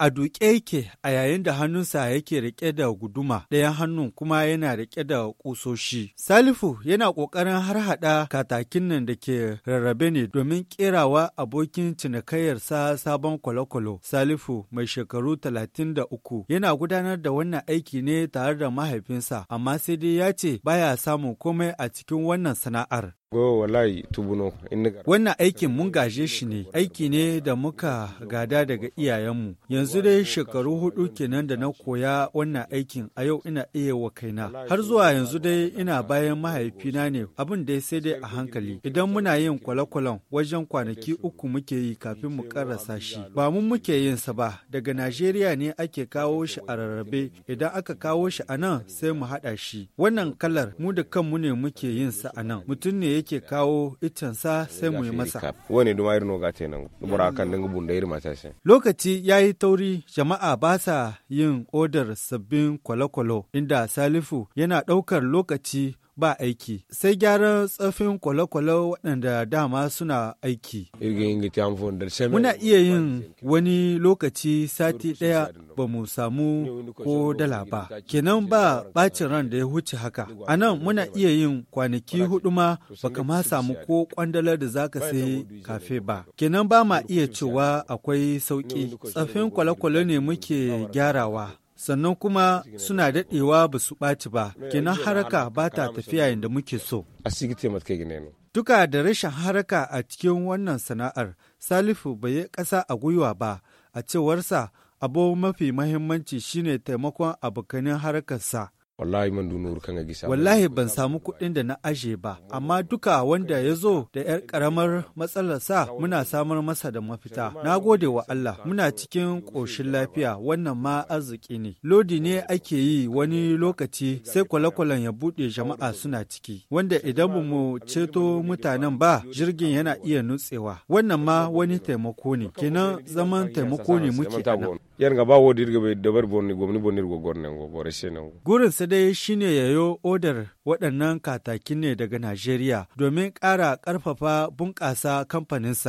a duƙe yake a yayin da hannunsa yake riƙe da guduma ɗayan hannun kuma yana riƙe da ƙusoshi. Salifu yana ƙoƙarin harhaɗa katakin nan da ke rarrabe ne domin ƙerawa abokin cinikayyarsa sabon kwalokwalo. Salifu mai shekaru talatin da uku yana gudanar da wannan aiki ne tare da mahaifinsa amma sai dai ya ce baya samun komai a cikin wannan sana'ar. Oh, wannan aikin mun gaje shi ne, aiki ne da muka gada daga iyayenmu. Yanzu dai shekaru hudu kenan da na koya wannan aikin a yau ina iya wa kaina. Har zuwa yanzu dai ina bayan mahaifina ne abin da sai dai a hankali. Idan muna yin kwale-kwalen wajen kwanaki uku muke yi kafin mu karasa shi. Ba mun muke yin sa ba, daga Najeriya ne ake kawo shi a rarrabe. Idan aka kawo shi a nan sai mu haɗa shi. Wannan kalar mu da kanmu ne muke yin sa a nan. Mutum ne yake kawo sa sai mu yi masa. Wani duma irin noga ce nan, dubura kan dinga bunda irin mata Lokaci ya yi tauri jama'a ba sa yin odar sabbin kwalokwalo inda Salifu yana ɗaukar lokaci ba aiki sai gyaran tsafin kwale waɗanda dama suna aiki. Muna iya yin wani lokaci sati ɗaya ba mu samu ko dala ba, kenan ba bacin ran da ya huce haka. A nan muna iya yin kwanaki hudu ma baka ma samu ko kwandalar da za ka sayi kafe ba. Kenan ba ma iya cewa akwai sauƙi, tsafin kwale ne muke gyarawa. sannan kuma suna daɗewa ba su ɓaci ba kenan haraka ba ta tafiya yadda muke so duka da rashin haraka a cikin wannan sana'ar salifu bai yi ƙasa a gwiwa ba a cewarsa abu mafi mahimmanci shine taimakon abokanin harakarsa wallahi man kan gisa wallahi ban samu kuɗin da na aje ba amma duka wanda ya zo da yar karamar matsalar sa muna samar masa da mafita na gode wa Allah muna cikin ƙoshin lafiya wannan ma arziki ne lodi ne ake yi wani lokaci sai kwale ya buɗe jama'a suna ciki wanda idan ba mu ceto mutanen ba jirgin yana iya nutsewa wannan ma wani taimako ne kenan zaman taimako ne muke ana gurin dai shine yayo odar waɗannan katakin ne daga Najeriya domin ƙara ƙarfafa bunƙasa kamfaninsa.